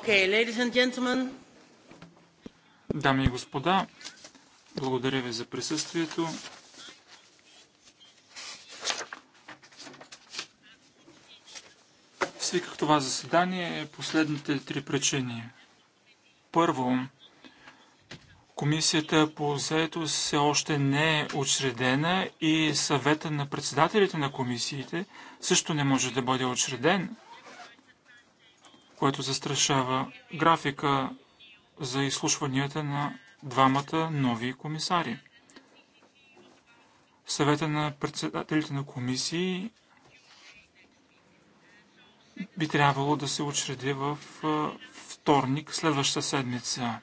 Okay, ladies and gentlemen. Дами и господа, благодаря ви за присъствието. Свиках това заседание е последните три причини. Първо, Комисията по заето все още не е учредена и съвета на председателите на комисиите също не може да бъде учреден което застрашава графика за изслушванията на двамата нови комисари. Съвета на председателите на комисии би трябвало да се учреди в вторник, следващата седмица.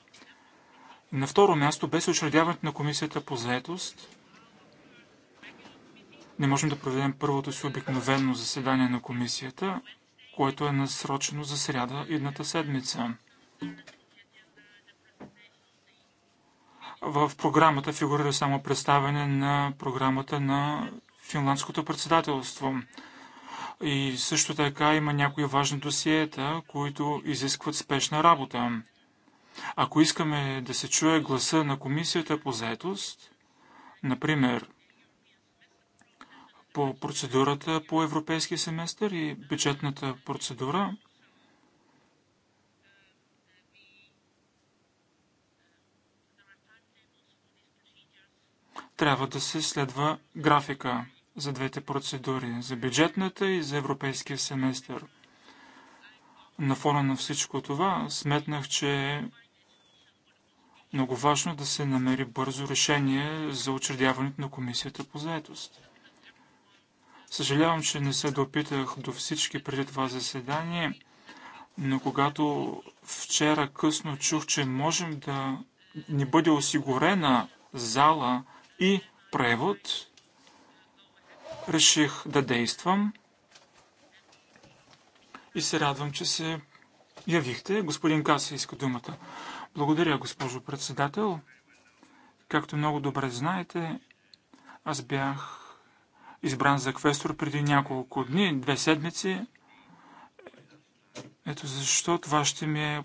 На второ място, без учредяването на комисията по заетост, не можем да проведем първото си обикновено заседание на комисията – което е насрочено за сряда идната седмица. В програмата фигурира само представяне на програмата на финландското председателство. И също така има някои важни досиета, които изискват спешна работа. Ако искаме да се чуе гласа на комисията по заетост, например по процедурата по европейския семестър и бюджетната процедура. Трябва да се следва графика за двете процедури, за бюджетната и за европейския семестър. На фона на всичко това сметнах, че е много важно да се намери бързо решение за учредяването на комисията по заедост. Съжалявам, че не се допитах до всички преди това заседание, но когато вчера късно чух, че можем да ни бъде осигурена зала и превод, реших да действам и се радвам, че се явихте. Господин Каса иска думата. Благодаря, госпожо председател. Както много добре знаете, аз бях избран за квестор преди няколко дни, две седмици. Ето защо това ще ми е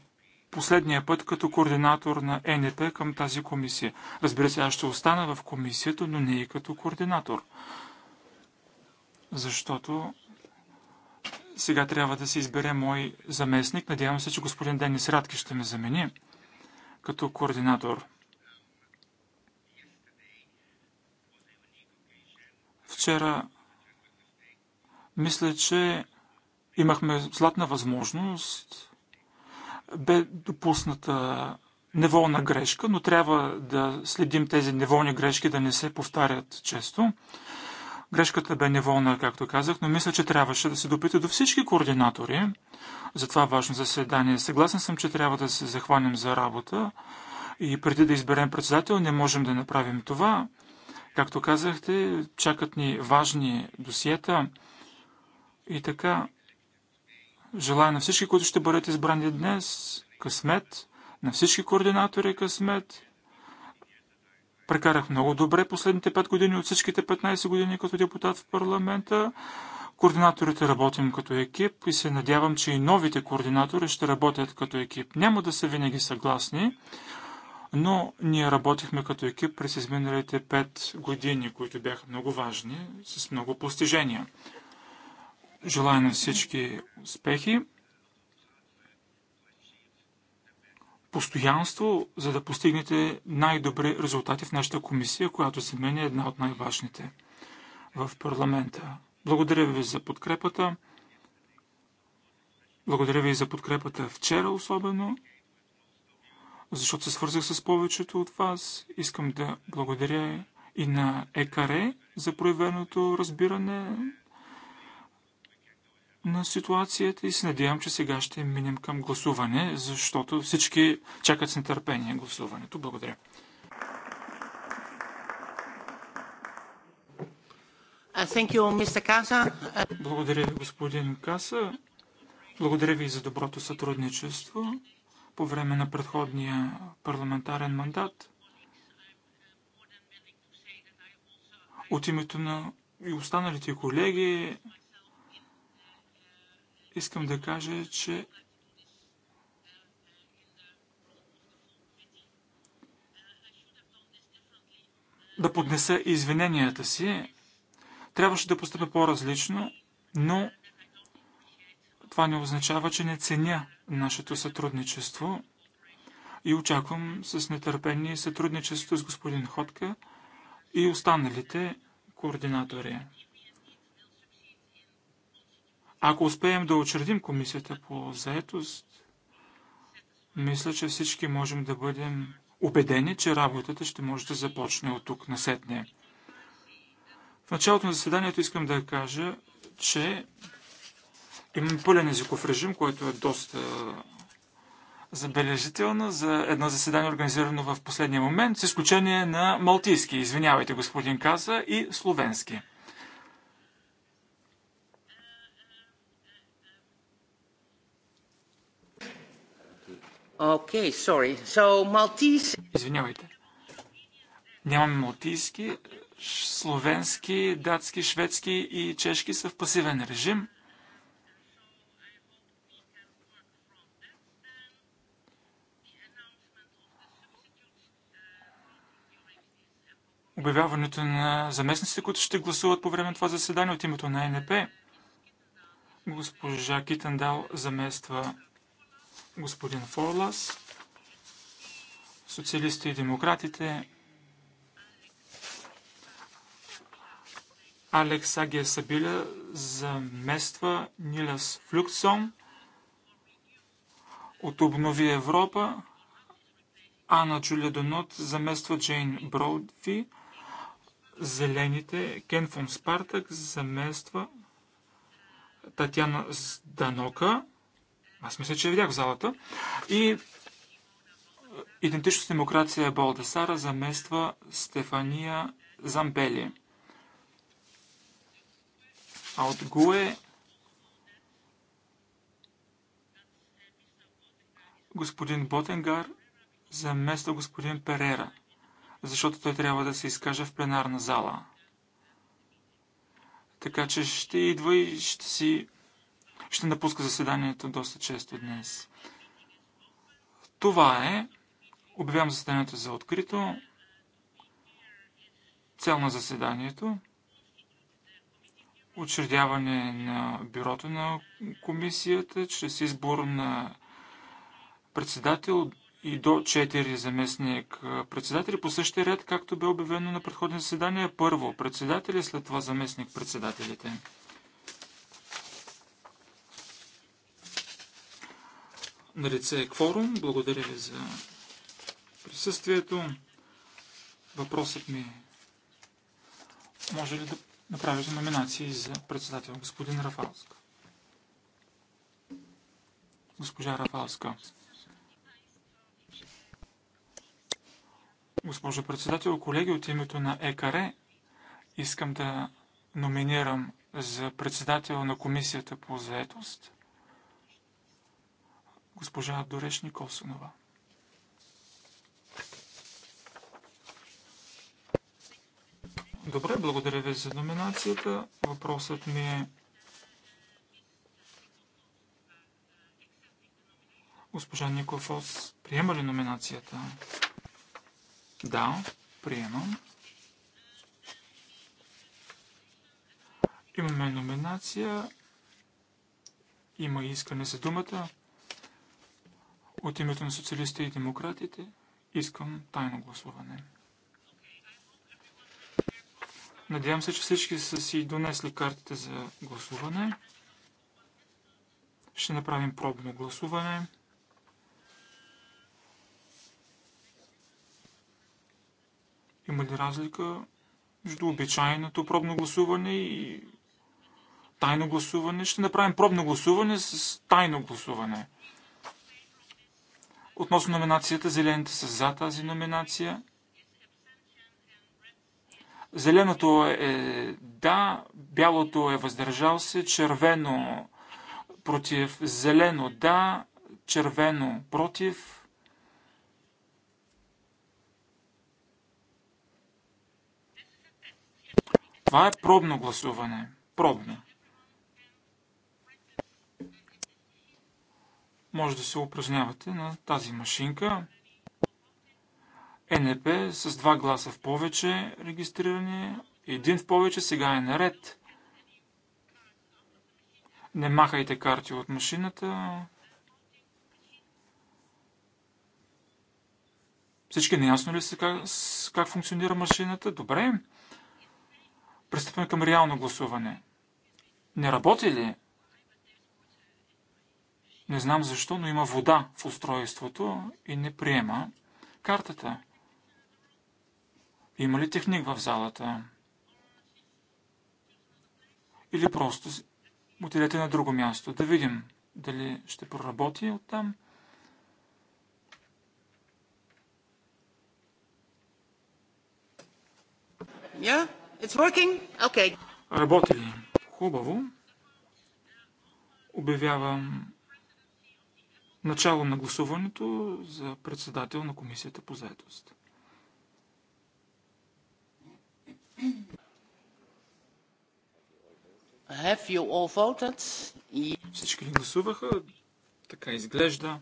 последния път като координатор на НП към тази комисия. Разбира се, аз ще остана в комисията, но не и като координатор. Защото сега трябва да се избере мой заместник. Надявам се, че господин Денис Радки ще ме замени като координатор. Вчера мисля, че имахме златна възможност. Бе допусната неволна грешка, но трябва да следим тези неволни грешки да не се повтарят често. Грешката бе неволна, както казах, но мисля, че трябваше да се допита до всички координатори за това важно заседание. Съгласен съм, че трябва да се захванем за работа и преди да изберем председател не можем да направим това. Както казахте, чакат ни важни досиета и така. Желая на всички, които ще бъдат избрани днес, късмет, на всички координатори е късмет. Прекарах много добре последните 5 години от всичките 15 години като депутат в парламента. Координаторите работим като екип и се надявам, че и новите координатори ще работят като екип. Няма да са винаги съгласни, но ние работихме като екип през изминалите 5 години, които бяха много важни, с много постижения. Желая на всички успехи, постоянство, за да постигнете най-добри резултати в нашата комисия, която за мен е една от най-важните в парламента. Благодаря ви за подкрепата. Благодаря ви за подкрепата вчера особено защото се свързах с повечето от вас. Искам да благодаря и на ЕКАРЕ за проявеното разбиране на ситуацията и се надявам, че сега ще минем към гласуване, защото всички чакат с нетърпение гласуването. Благодаря. Uh, you, uh, Благодаря ви, господин Каса. Благодаря ви за доброто сътрудничество по време на предходния парламентарен мандат. От името на и останалите колеги искам да кажа, че да поднеса извиненията си. Трябваше да постъпя по-различно, но това не означава, че не ценя нашето сътрудничество и очаквам с нетърпение сътрудничеството с господин Ходка и останалите координатори. Ако успеем да учредим комисията по заетост, мисля, че всички можем да бъдем убедени, че работата ще може да започне от тук на сетне. В началото на заседанието искам да кажа, че Имаме пълен езиков режим, който е доста забележително за едно заседание, организирано в последния момент, с изключение на малтийски, извинявайте, господин Каза, и словенски. Okay, sorry. So, Maltese... Извинявайте. Нямаме малтийски, словенски, датски, шведски и чешки са в пасивен режим. обявяването на заместниците, които ще гласуват по време на това заседание от името на НП. Госпожа Китандал, замества господин Форлас, социалисти и демократите, Алекс Агия Сабиля замества Нилас Флюксон от Обнови Европа, Ана Джулия Донот замества Джейн Броудви Зелените Кен фон Спартак замества Татьяна Зданока. Аз мисля, че я видях в залата. И е, идентичност демокрация Балдасара замества Стефания Замбели. А от ГУЕ господин Ботенгар замества господин Перера защото той трябва да се изкаже в пленарна зала. Така че ще идва и ще си... Ще напуска заседанието доста често днес. Това е. Обявявам заседанието за открито. Цел на заседанието. Учредяване на бюрото на комисията чрез избор на председател, и до 4 заместник председатели по същия ред, както бе обявено на предходни заседания. Първо председатели, след това заместник председателите. На лице е кворум. Благодаря ви за присъствието. Въпросът ми може ли да направите номинации за председател господин Рафалска? Госпожа Рафалска. Госпожо председател, колеги, от името на ЕКАРЕ искам да номинирам за председател на Комисията по заетост госпожа Дореш Николсонова. Добре, благодаря ви за номинацията. Въпросът ми е госпожа Никофос приема ли номинацията? Да, приемам. Имаме номинация. Има искане за думата. От името на социалистите и демократите искам тайно гласуване. Надявам се, че всички са си донесли картите за гласуване. Ще направим пробно гласуване. Има ли разлика между обичайното пробно гласуване и тайно гласуване? Ще направим пробно гласуване с тайно гласуване. Относно номинацията, зелените са за тази номинация. Зеленото е да, бялото е въздържал се, червено против, зелено да, червено против, Това е пробно гласуване. Пробно. Може да се упражнявате на тази машинка. Е НП с два гласа в повече регистрирани, един в повече, сега е наред. Не махайте карти от машината. Всички неясно ли са как, как функционира машината? Добре пристъпваме към реално гласуване. Не работи ли? Не знам защо, но има вода в устройството и не приема картата. Има ли техник в залата? Или просто отидете на друго място, да видим дали ще проработи оттам. Yeah? Okay. Работи ли? Хубаво. Обявявам начало на гласуването за председател на Комисията по заедост. Всички ли гласуваха? Така изглежда.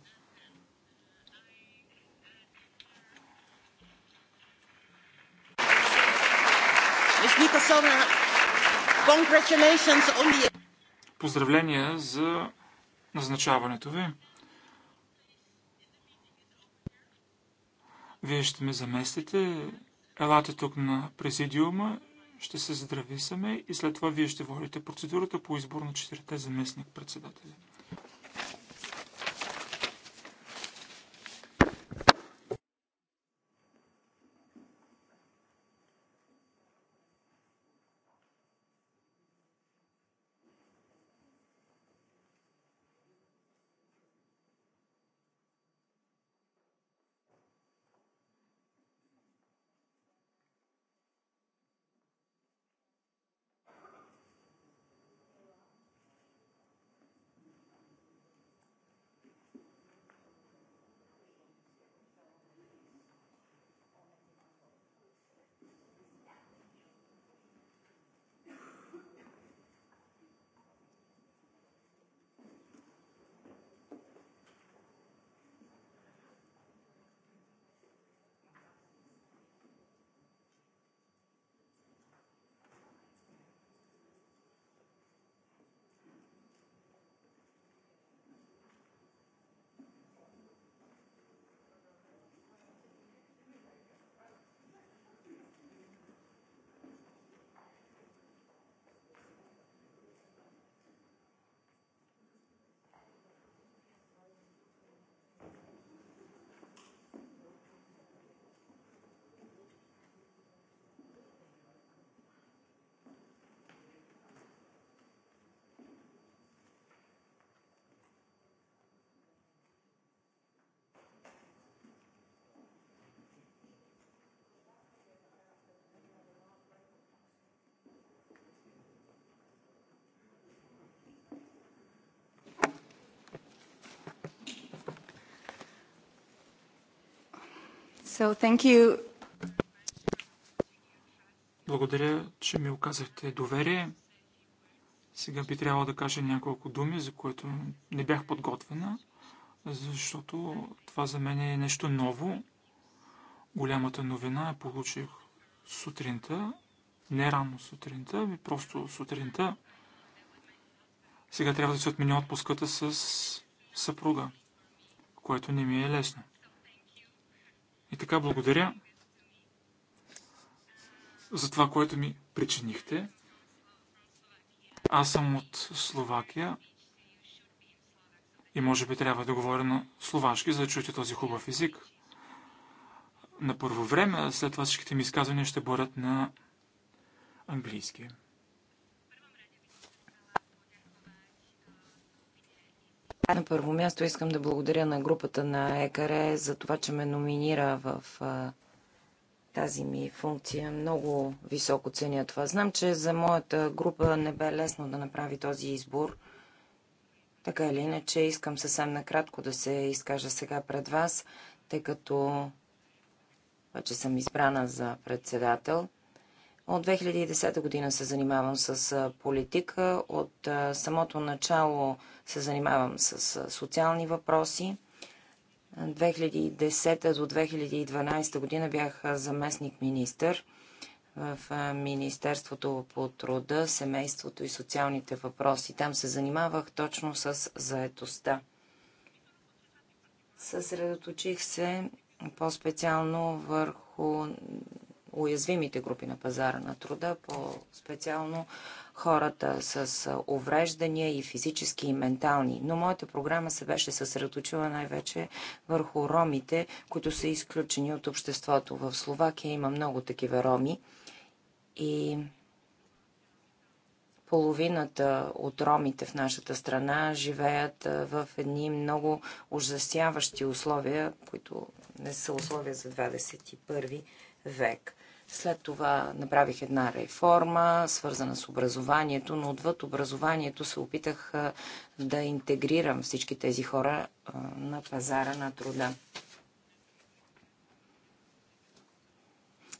Поздравления за назначаването ви. Вие ще ме заместите. Елате тук на президиума, ще се здрависаме и след това вие ще водите процедурата по избор на четирите заместник председатели. So, thank you. Благодаря, че ми оказахте доверие. Сега би трябвало да кажа няколко думи, за което не бях подготвена, защото това за мен е нещо ново. Голямата новина я получих сутринта, не рано сутринта, ми просто сутринта. Сега трябва да се отменя отпуската с съпруга, което не ми е лесно. И така благодаря за това, което ми причинихте. Аз съм от Словакия и може би трябва да говоря на словашки, за да чуете този хубав език. На първо време, след това всичките ми изказвания ще борят на английски. На първо място искам да благодаря на групата на ЕКАРЕ за това, че ме номинира в тази ми функция. Много високо ценя това. Знам, че за моята група не бе лесно да направи този избор. Така или иначе, искам съвсем накратко да се изкажа сега пред вас, тъй като вече съм избрана за председател – от 2010 година се занимавам с политика. От самото начало се занимавам с социални въпроси. 2010 до 2012 година бях заместник министър в Министерството по труда, семейството и социалните въпроси. Там се занимавах точно с заетостта. Съсредоточих се по-специално върху уязвимите групи на пазара на труда, по-специално хората с увреждания и физически и ментални. Но моята програма се беше съсредоточила най-вече върху ромите, които са изключени от обществото. В Словакия има много такива роми и половината от ромите в нашата страна живеят в едни много ужасяващи условия, които не са условия за 21 век. След това направих една реформа, свързана с образованието, но отвъд образованието се опитах да интегрирам всички тези хора на пазара на труда.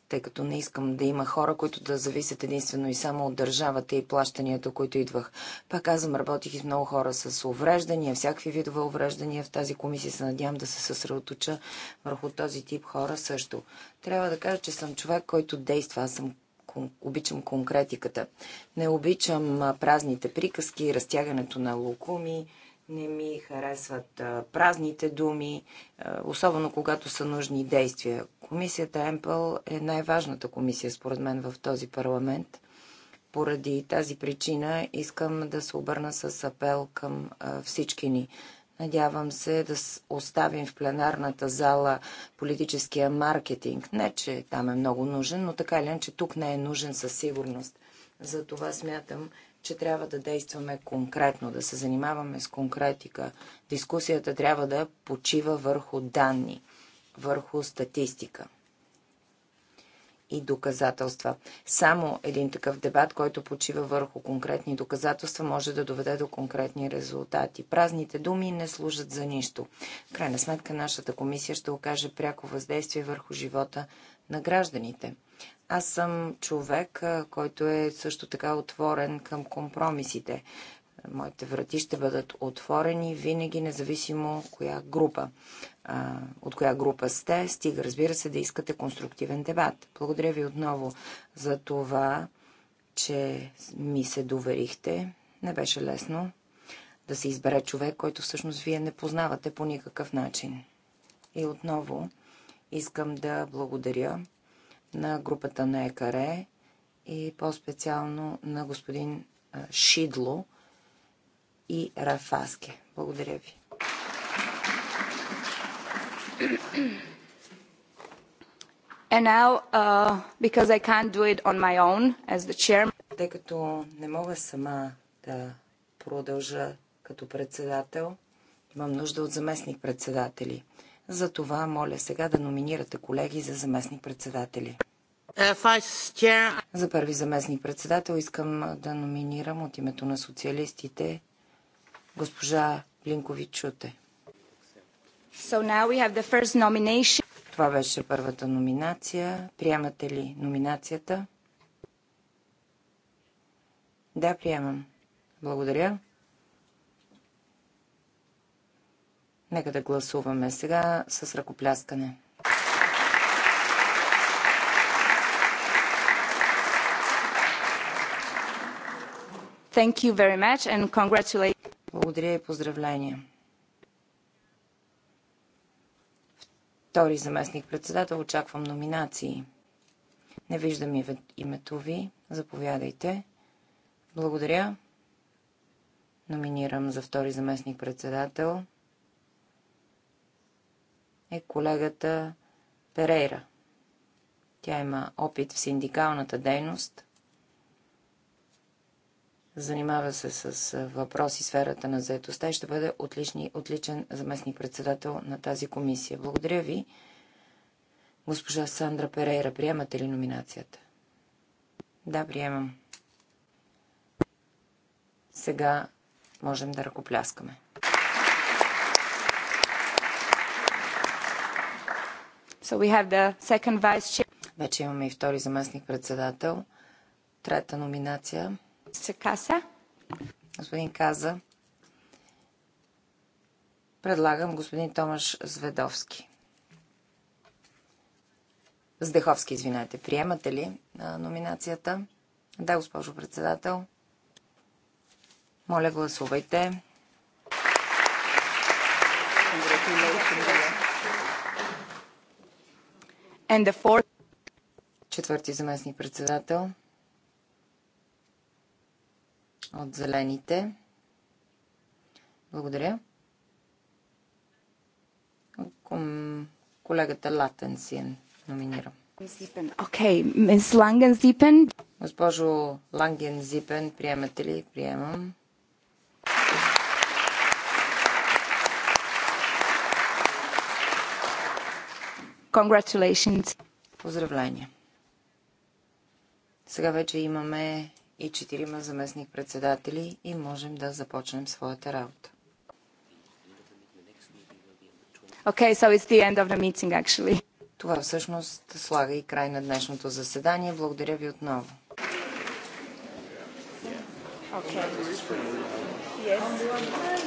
тъй като не искам да има хора, които да зависят единствено и само от държавата и плащанията, които идвах. Пак казвам, работих и с много хора с увреждания, всякакви видове увреждания. В тази комисия се надявам да се съсредоточа върху този тип хора също. Трябва да кажа, че съм човек, който действа. Аз съм обичам конкретиката. Не обичам празните приказки, разтягането на лукуми не ми харесват празните думи, особено когато са нужни действия. Комисията Емпъл е най-важната комисия, според мен, в този парламент. Поради тази причина искам да се обърна с апел към всички ни. Надявам се да оставим в пленарната зала политическия маркетинг. Не, че там е много нужен, но така или иначе тук не е нужен със сигурност. Затова смятам, че трябва да действаме конкретно, да се занимаваме с конкретика. Дискусията трябва да почива върху данни, върху статистика и доказателства. Само един такъв дебат, който почива върху конкретни доказателства, може да доведе до конкретни резултати. Празните думи не служат за нищо. В крайна сметка нашата комисия ще окаже пряко въздействие върху живота на гражданите. Аз съм човек, който е също така отворен към компромисите моите врати ще бъдат отворени винаги, независимо коя група, а, от коя група сте. Стига, разбира се, да искате конструктивен дебат. Благодаря ви отново за това, че ми се доверихте. Не беше лесно да се избере човек, който всъщност вие не познавате по никакъв начин. И отново искам да благодаря на групата на ЕКАРЕ и по-специално на господин Шидло, и Рафаске. Благодаря ви. And now, uh, because I can't do it on my own as the chairman. Тъй като не мога сама да продължа като председател, имам нужда от заместник-председатели. За това моля сега да номинирате колеги за заместник-председатели. Uh, за първи заместник-председател искам да номинирам от името на социалистите госпожа Блинкови чуте. So now we have the first nomination. Това беше първата номинация. Приемате ли номинацията? Да, приемам. Благодаря. Нека да гласуваме сега с ръкопляскане. Thank you very much and congratulations. Благодаря и поздравления. Втори заместник председател очаквам номинации. Не виждам името ви. Заповядайте. Благодаря. Номинирам за втори заместник председател е колегата Перейра. Тя има опит в синдикалната дейност занимава се с въпроси сферата на заетостта и ще бъде отлични, отличен заместник председател на тази комисия. Благодаря ви. Госпожа Сандра Перейра, приемате ли номинацията? Да, приемам. Сега можем да ръкопляскаме. So we have the second vice chair. Вече имаме и втори заместник председател. Трета номинация – Каса. Господин Каза. Предлагам господин Томаш Зведовски. Здеховски, извинете. Приемате ли номинацията? Да, госпожо председател. Моля, гласувайте. Fourth... Четвърти заместник председател от зелените. Благодаря. Колегата Латенсиен номинира. Окей, мис Зипен. Госпожо Зипен, приемате ли? Приемам. Congratulations. Поздравления. Сега вече имаме и четирима заместник-председатели и можем да започнем своята работа. Okay, so it's the end of the meeting, actually. Това всъщност слага и край на днешното заседание. Благодаря ви отново. Okay. Yes.